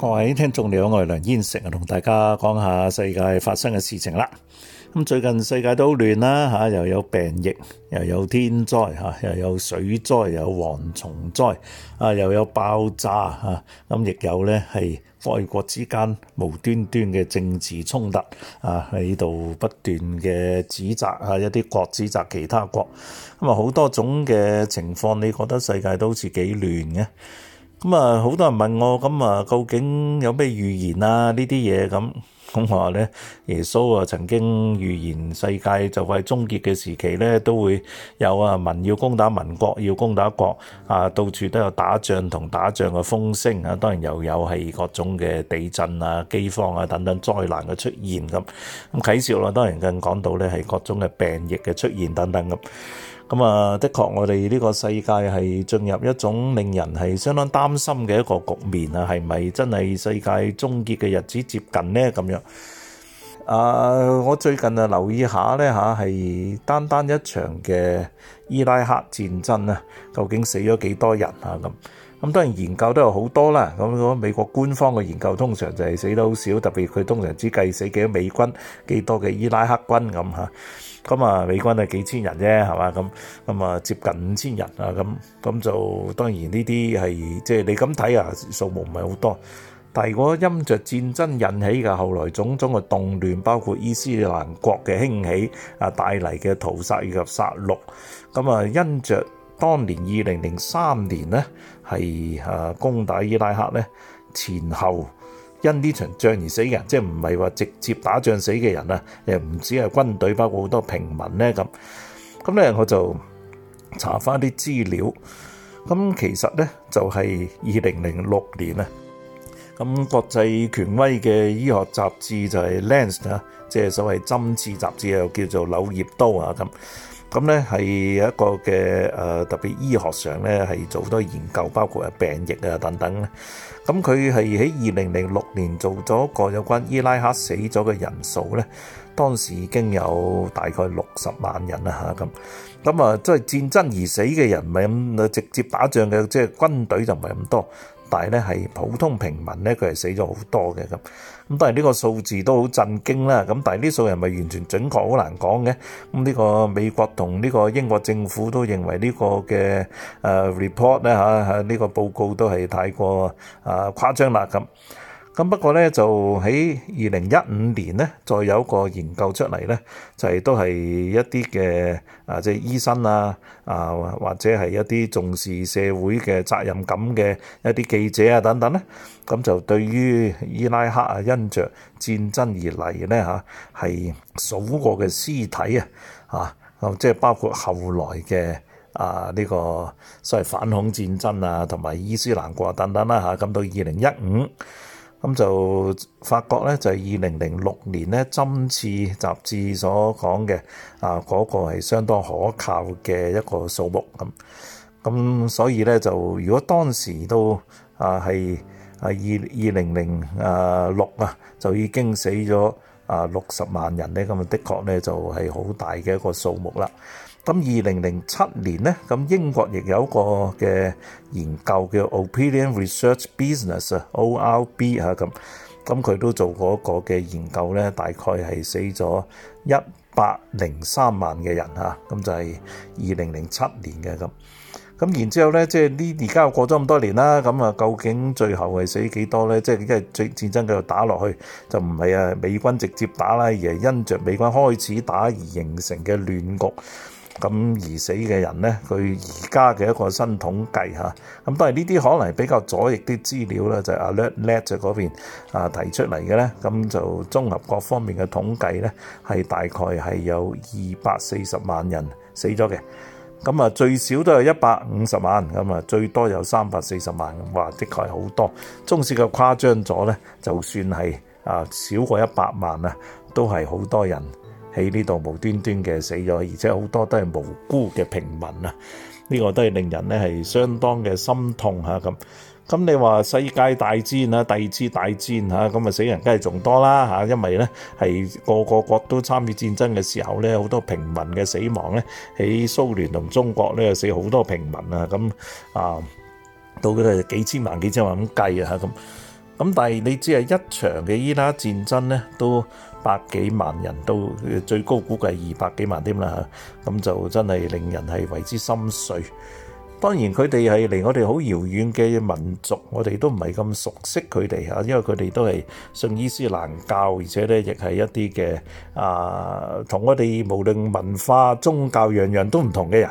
各位聽眾你好，我係梁燕城啊，同大家講下世界發生嘅事情啦。咁最近世界都亂啦吓，又有病疫，又有天災吓，又有水災，又有蝗蟲災啊，又有爆炸吓，咁亦有咧係外國之間無端端嘅政治衝突啊，喺度不斷嘅指責啊，一啲國指責其他國，咁啊好多種嘅情況，你覺得世界都好似幾亂嘅？咁、嗯、啊，好多人問我，咁、嗯、啊，究竟有咩預言啊？嗯嗯、呢啲嘢，咁咁我話咧，耶穌啊曾經預言世界就係終結嘅時期咧，都會有啊民要攻打民，國要攻打國啊，到處都有打仗同打仗嘅風聲啊。當然又有係各種嘅地震啊、饑荒啊等等災難嘅出現咁。咁、嗯嗯、啟笑啦、啊，當然更講到咧係各種嘅病疫嘅出現等等咁。嗯咁啊，的確，我哋呢個世界係進入一種令人係相當擔心嘅一個局面啊，係咪真係世界終結嘅日子接近呢？咁樣，啊、uh，我最近啊留意下呢，吓係單單一場嘅伊拉克戰爭啊，究竟死咗幾多人啊？咁咁當然研究都有好多啦。咁如果美國官方嘅研究，通常就係死得好少，特別佢通常只計死幾多美軍、幾多嘅伊拉克軍咁吓、啊咁啊，美軍係幾千人啫，係嘛？咁咁啊，接近五千人啊，咁咁就當然呢啲係即係你咁睇啊，數目唔係好多，但係果因着戰爭引起嘅後來種種嘅動亂，包括伊斯蘭國嘅興起啊，帶嚟嘅屠殺以及殺戮，咁啊因着當年二零零三年咧係啊攻打伊拉克咧前後。因呢場仗而死嘅人，即係唔係話直接打仗死嘅人啊，誒，唔止係軍隊，包括好多平民咧咁。咁咧我就查翻啲資料。咁其實咧就係二零零六年啊。咁國際權威嘅醫學雜誌就係《Lancet》，即係所謂針刺雜誌，又叫做《柳葉刀》啊咁。咁咧係一個嘅誒、呃，特別醫學上咧係做好多研究，包括誒病疫啊等等咧。咁佢係喺二零零六年做咗個有關伊拉克死咗嘅人數咧，當時已經有大概六十萬人啦嚇咁。咁啊，即係、就是、戰爭而死嘅人唔係咁直接打仗嘅，即、就、係、是、軍隊就唔係咁多。但係咧，係普通平民咧，佢係死咗好多嘅咁。咁當然呢個數字都好震驚啦。咁但係呢數人咪完全準確，好難講嘅。咁、這、呢個美國同呢個英國政府都認為呢個嘅誒 report 咧嚇，呢、這個報告都係太過誒誇張啦咁。咁不過咧，就喺二零一五年咧，再有個研究出嚟咧，就係都係一啲嘅啊，即係醫生啊啊，或者係一啲重視社會嘅責任感嘅一啲記者啊等等呢。咁就對於伊拉克啊，因着戰爭而嚟咧嚇，係數過嘅屍體啊啊，即係包括後來嘅啊呢個所謂反恐戰爭啊，同埋伊斯蘭國啊等等啦嚇。咁到二零一五。咁就發覺咧，就係二零零六年咧，《針刺雜誌》所講嘅啊，嗰、那個係相當可靠嘅一個數目咁。咁、啊、所以咧，就如果當時都啊係啊二二零零啊六啊，就已經死咗啊六十萬人咧，咁啊，的確咧就係好大嘅一個數目啦。咁二零零七年咧，咁英國亦有一個嘅研究叫 Opinion Research Business 啊 （ORB） 啊，咁咁佢都做過一個嘅研究咧，大概係死咗一百零三萬嘅人啊。咁就係二零零七年嘅咁。咁然之後咧，即係呢而家又過咗咁多年啦，咁啊究竟最後係死幾多咧？即係因為戰戰爭繼續打落去，就唔係啊美軍直接打啦，而係因着美軍開始打而形成嘅亂局。咁而死嘅人咧，佢而家嘅一個新統計嚇，咁都係呢啲可能比較左翼啲資料咧，就係 AlertNet 嗰邊啊提出嚟嘅咧，咁就綜合各方面嘅統計咧，係大概係有二百四十萬人死咗嘅，咁啊最少都有一百五十萬，咁啊最多有三百四十萬，哇的確係好多，中士嘅誇張咗咧，就算係啊少過一百萬啊，都係好多人。喺呢度無端端嘅死咗，而且好多都係無辜嘅平民啊！呢個都係令人咧係相當嘅心痛嚇咁。咁你話世界大戰啊，第二次大戰嚇咁啊，死人梗係仲多啦嚇，因為咧係個個國都參與戰爭嘅時候咧，好多平民嘅死亡咧，喺蘇聯同中國咧死好多平民啊！咁啊，到咗係幾千萬、幾千萬咁計啊咁。咁但係你只係一場嘅伊拉克戰爭咧，都～百幾萬人都最高估計二百幾萬添啦嚇，咁就真係令人係為之心碎。當然佢哋係離我哋好遙遠嘅民族，我哋都唔係咁熟悉佢哋嚇，因為佢哋都係信伊斯蘭教，而且咧亦係一啲嘅啊同我哋無論文化、宗教樣樣都唔同嘅人。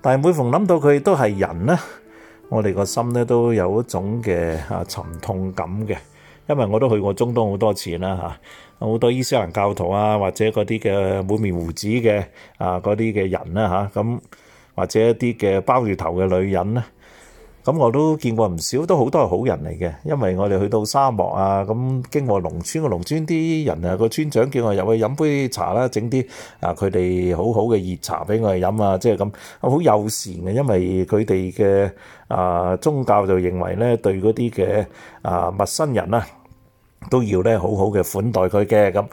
但係每逢諗到佢都係人咧，我哋個心咧都有一種嘅啊沉痛感嘅。因為我都去過中東好多次啦嚇，好多伊斯蘭教徒啊，或者嗰啲嘅滿面鬍子嘅啊嗰啲嘅人啦嚇，咁或者一啲嘅包住頭嘅女人咧，咁我都見過唔少，都好多係好人嚟嘅。因為我哋去到沙漠啊，咁經過農村嘅農村啲人啊，個村長叫我入去飲杯茶啦，整啲啊佢哋好好嘅熱茶俾我哋飲啊，即係咁好友善嘅。因為佢哋嘅啊宗教就認為咧，對嗰啲嘅啊陌生人啊。都要咧，好好嘅款待佢嘅，咁，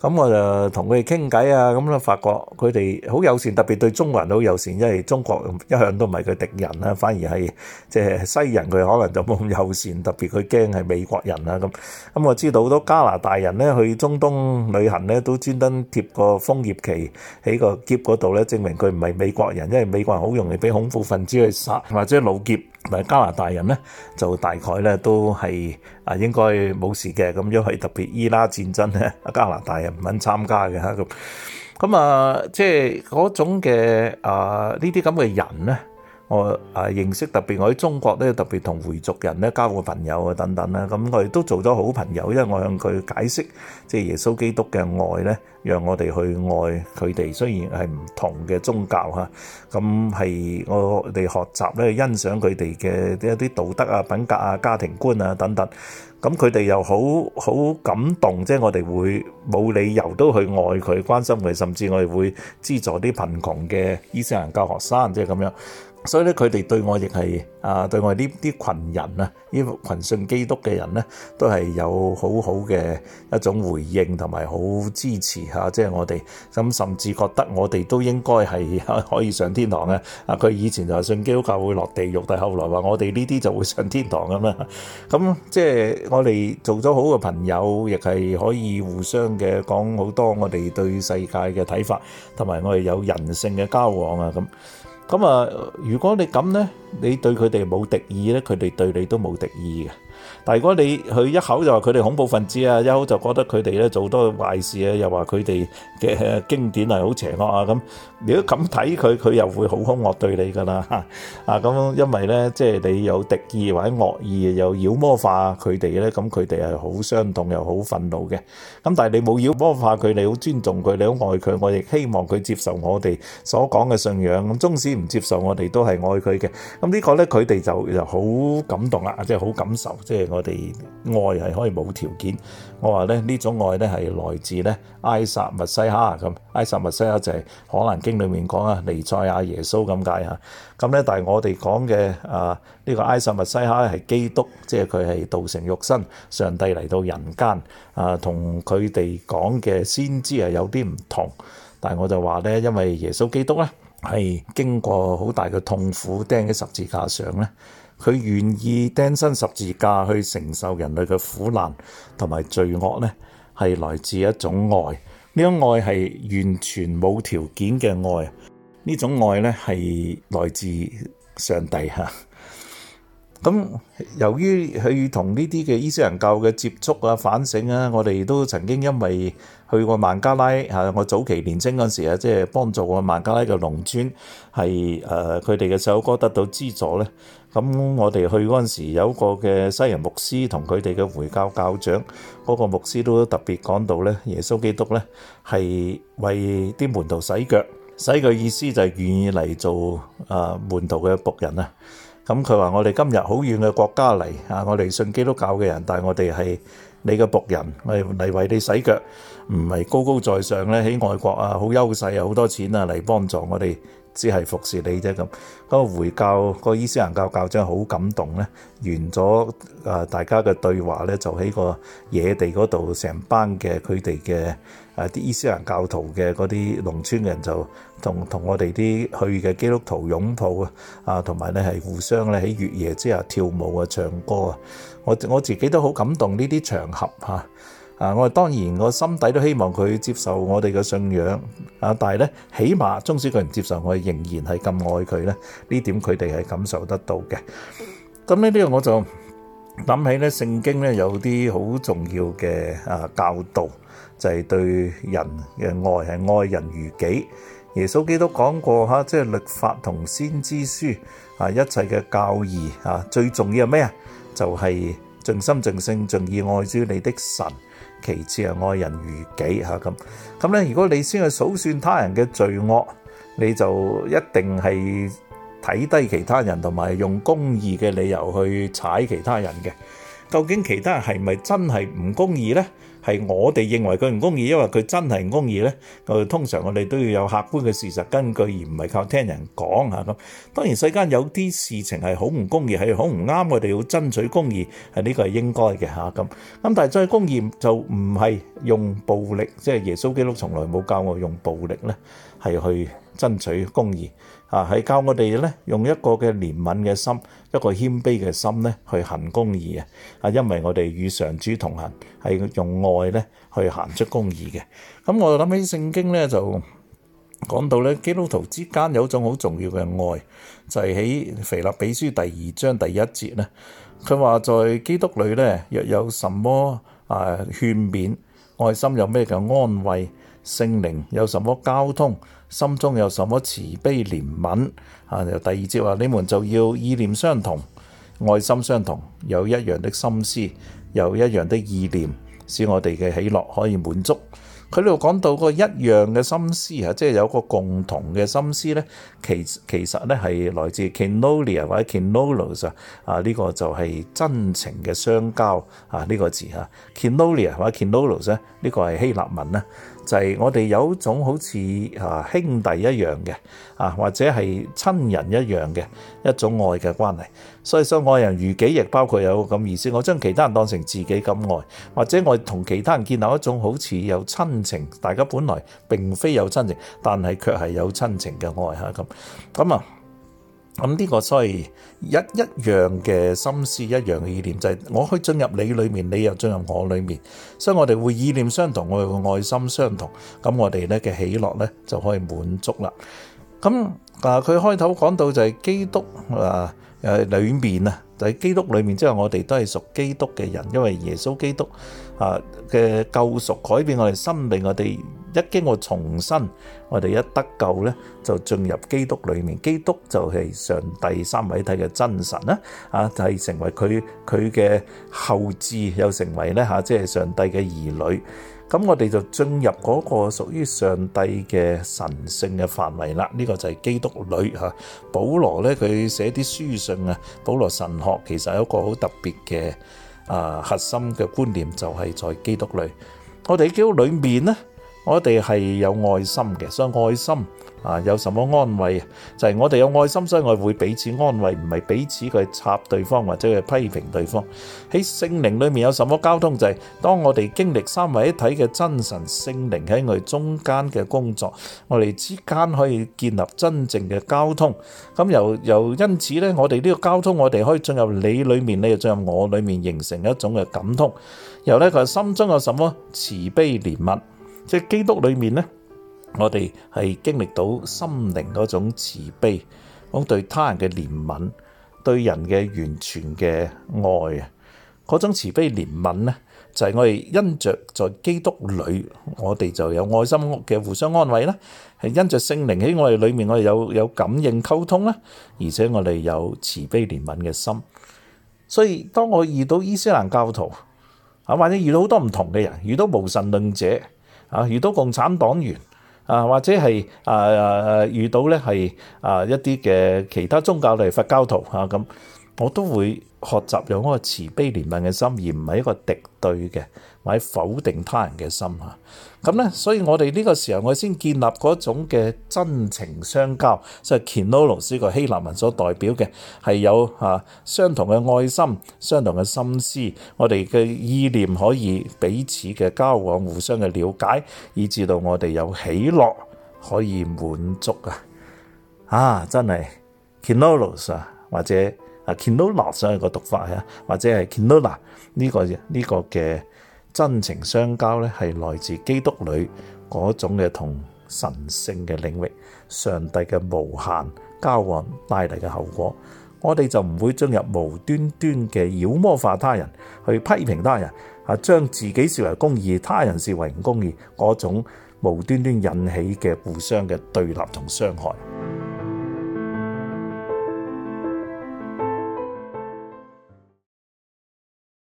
咁我就同佢哋傾偈啊咁咧，發覺佢哋好友善，特別對中國人都好友善，因為中國一向都唔係佢敵人啦，反而係即係西人佢可能就冇咁友善，特別佢驚係美國人啦咁。咁我知道好多加拿大人咧去中東旅行咧，都專登貼個楓葉旗喺個篋嗰度咧，證明佢唔係美國人，因為美國人好容易俾恐怖分子去殺或者擄劫。加拿大人咧，就大概咧都係啊，應該冇事嘅。咁因為特別伊拉克戰爭咧，啊加拿大人唔肯參加嘅吓咁。咁啊，即係嗰種嘅啊，呢啲咁嘅人咧。我啊，認識特別我喺中國咧，特別同回族人咧交個朋友啊，等等啦。咁亦都做咗好朋友，因為我向佢解釋即係耶穌基督嘅愛咧，讓我哋去愛佢哋。雖然係唔同嘅宗教嚇，咁係我哋學習咧欣賞佢哋嘅一啲道德啊、品格啊、家庭觀啊等等。咁佢哋又好好感動，即係我哋會冇理由都去愛佢、關心佢，甚至我哋會資助啲貧窮嘅伊斯蘭教學生，即係咁樣。所以咧，佢哋對我亦係啊，對我呢啲群人啊，呢群信基督嘅人咧，都係有好好嘅一種回應同埋好支持嚇，即係我哋咁，甚至覺得我哋都應該係可以上天堂嘅。啊，佢以前就係信基督教會落地獄，但係後來話我哋呢啲就會上天堂咁啦。咁即係我哋做咗好嘅朋友，亦係可以互相嘅講好多我哋對世界嘅睇法，同埋我哋有人性嘅交往啊咁。咁啊，如果你咁咧，你對佢哋冇敵意咧，佢哋對你都冇敵意嘅。但係如果你佢一口就話佢哋恐怖分子啊，一口就覺得佢哋咧做多壞事啊，又話佢哋嘅經典係好邪惡啊咁，如果咁睇佢，佢又會好凶惡對你噶啦吓，啊咁，因為咧即係你有敵意或者惡意又妖魔化佢哋咧，咁佢哋係好傷痛又好憤怒嘅。咁但係你冇妖魔化佢，你好尊重佢，你好愛佢，我亦希望佢接受我哋所講嘅信仰。咁縱使唔接受我哋都係愛佢嘅。咁呢個咧佢哋就就好感動啦，即係好感受。即係我哋愛係可以冇條件，我話咧呢這種愛咧係來自咧埃撒密西哈咁，埃撒密西，西哈就係、是《可蘭經裏講》裏面講啊尼賽亞耶穌咁解嚇，咁咧但係我哋講嘅啊呢個埃撒密西哈係基督，即係佢係道成肉身，上帝嚟到人間啊，同佢哋講嘅先知係有啲唔同，但係我就話咧，因為耶穌基督咧係經過好大嘅痛苦釘喺十字架上咧。佢願意釘身十字架去承受人類嘅苦難同埋罪惡咧，係來自一種愛。呢種愛係完全冇條件嘅愛。呢種愛咧係來自上帝吓。咁由於佢同呢啲嘅伊斯蘭教嘅接觸啊、反省啊，我哋都曾經因為去過孟加拉嚇，我早期年青嗰時啊，即係幫助過孟加拉嘅農村係誒佢哋嘅首歌得到資助咧。咁我哋去嗰陣時有個嘅西人牧師同佢哋嘅回教教長嗰個牧師都特別講到咧，耶穌基督咧係為啲門徒洗腳，洗腳意思就係願意嚟做誒、呃、門徒嘅僕人啊。咁佢話：我哋今日好遠嘅國家嚟啊！我哋信基督教嘅人，但我哋係你嘅僕人，嚟為你洗腳，唔係高高在上咧，喺外國啊，好優勢啊，好多錢啊，嚟幫助我哋。只係服侍你啫，咁嗰回教，個伊斯蘭教教長好感動咧，完咗誒大家嘅對話咧，就喺個野地嗰度，成班嘅佢哋嘅誒啲伊斯蘭教徒嘅嗰啲農村嘅人就同同我哋啲去嘅基督徒擁抱啊，啊，同埋咧係互相咧喺月夜之下跳舞啊、唱歌啊，我我自己都好感動呢啲場合嚇。啊啊！我當然我心底都希望佢接受我哋嘅信仰啊，但係咧，起碼即使佢唔接受，我仍然係咁愛佢咧。呢點佢哋係感受得到嘅。咁呢個我就諗起咧，聖經咧有啲好重要嘅啊教導，就係對人嘅愛係愛人如己。耶穌基督講過吓，即係律法同先知書啊，一切嘅教義啊，最重要係咩啊？就係盡心盡性盡意愛主你的神。其次係愛人如己吓，咁。咁咧，如果你先去數算他人嘅罪惡，你就一定係睇低其他人，同埋用公義嘅理由去踩其他人嘅。究竟其他人係咪真係唔公義咧？係我哋認為佢唔公義，因為佢真係唔公義咧。誒，通常我哋都要有客觀嘅事實根據，而唔係靠聽人講吓咁。當然世間有啲事情係好唔公義，係好唔啱，我哋要爭取公義，係呢個係應該嘅吓咁。咁但係爭取公義就唔係用暴力，即係耶穌基督從來冇教我用暴力咧。係去爭取公義啊！係教我哋咧用一個嘅憐憫嘅心，一個謙卑嘅心咧去行公義啊！啊，因為我哋與上主同行，係用愛咧去行出公義嘅。咁我諗起聖經咧就講到咧基督徒之間有一種好重要嘅愛，就係喺腓立比書第二章第一節咧，佢話在基督裏咧若有什麼啊勸勉，愛心有咩嘅安慰。聖靈有什麼交通？心中有什麼慈悲憐憫啊？第二節話：你們就要意念相同，愛心相同，有一樣的心思，有一樣的意念，使我哋嘅喜樂可以滿足。佢呢度講到個一樣嘅心思啊，即係有個共同嘅心思咧。其其實咧係來自 kenolia 或者 kenolos 啊。呢個就係真情嘅相交啊。呢個字啊，kenolia 或者 kenolos 咧，呢個係希臘文就係、是、我哋有一種好似啊兄弟一樣嘅啊，或者係親人一樣嘅一種愛嘅關係。所以所愛人如己，亦包括有咁意思。我將其他人當成自己咁愛，或者我同其他人建立一種好似有親情，大家本來並非有親情，但係卻係有親情嘅愛吓咁。咁啊～咁呢個所以一一樣嘅心思，一樣嘅意念就係，我可以進入你裏面，你又進入我裏面，所以我哋會意念相同，我哋會愛心相同，咁我哋咧嘅喜樂咧就可以滿足啦。咁啊，佢開頭講到就係基督啊，誒裏面啊，就係基督裏面，之後我哋都係屬基督嘅人，因為耶穌基督啊嘅救贖改變我哋生命，我哋，一經過重生，我哋一得救咧，就進入基督裏面。基督就係上帝三位體嘅真神啦，啊，就係成為佢佢嘅後嗣，又成為咧嚇，即係上帝嘅兒女。咁我哋就進入嗰個屬於上帝嘅神性嘅範圍啦。呢個就係基督裏嚇。保羅咧，佢寫啲書信啊，保羅神學其實有一個好特別嘅啊核心嘅觀念，就係在基督裏。我哋喺基督裏面咧。我哋係有愛心嘅，所以愛心啊，有什麼安慰？就係我哋有愛心，所以我會彼此安慰，唔係彼此去插對方或者去批評對方。喺聖靈裡面有什麼交通？就係當我哋經歷三位一體嘅真神聖靈喺我哋中間嘅工作，我哋之間可以建立真正嘅交通。咁又又因此咧，我哋呢個交通，我哋可以進入你裡面，你又進入我裡面，形成一種嘅感通。然後咧，佢心中有什麼慈悲憐憫？即係基督裏面咧，我哋係經歷到心靈嗰種慈悲，講對他人嘅憐憫，對人嘅完全嘅愛啊。嗰種慈悲憐憫咧，就係我哋因著在基督裏，我哋就有愛心嘅互相安慰啦。係因著聖靈喺我哋裏面，我哋有有感應溝通啦，而且我哋有慈悲憐憫嘅心。所以當我遇到伊斯蘭教徒啊，或者遇到好多唔同嘅人，遇到無神論者。啊！遇到共產黨員，啊，或者係啊，啊遇到咧係啊一啲嘅其他宗教嚟佛教徒吓咁，啊、我都會，學習用一個慈悲憐憫嘅心，而唔係一個敵對嘅，或者否定他人嘅心嚇咁咧，所以我哋呢個時候，我哋先建立嗰種嘅真情相交，即係 Kenolos 個希臘文所代表嘅，係有、啊、相同嘅愛心、相同嘅心思，我哋嘅意念可以彼此嘅交往、互相嘅了解，以至到我哋有喜樂可以滿足啊！啊，真係 Kenolos 啊，或者～啊，Kenola 所有個讀法係啊，或者係 Kenola 呢、這個呢、這個嘅真情相交咧，係來自基督裏嗰種嘅同神性嘅領域，上帝嘅無限交往帶嚟嘅後果。我哋就唔會進入無端端嘅妖魔化他人，去批評他人，啊將自己視為公義，他人視為唔公義，嗰種無端端引起嘅互相嘅對立同傷害。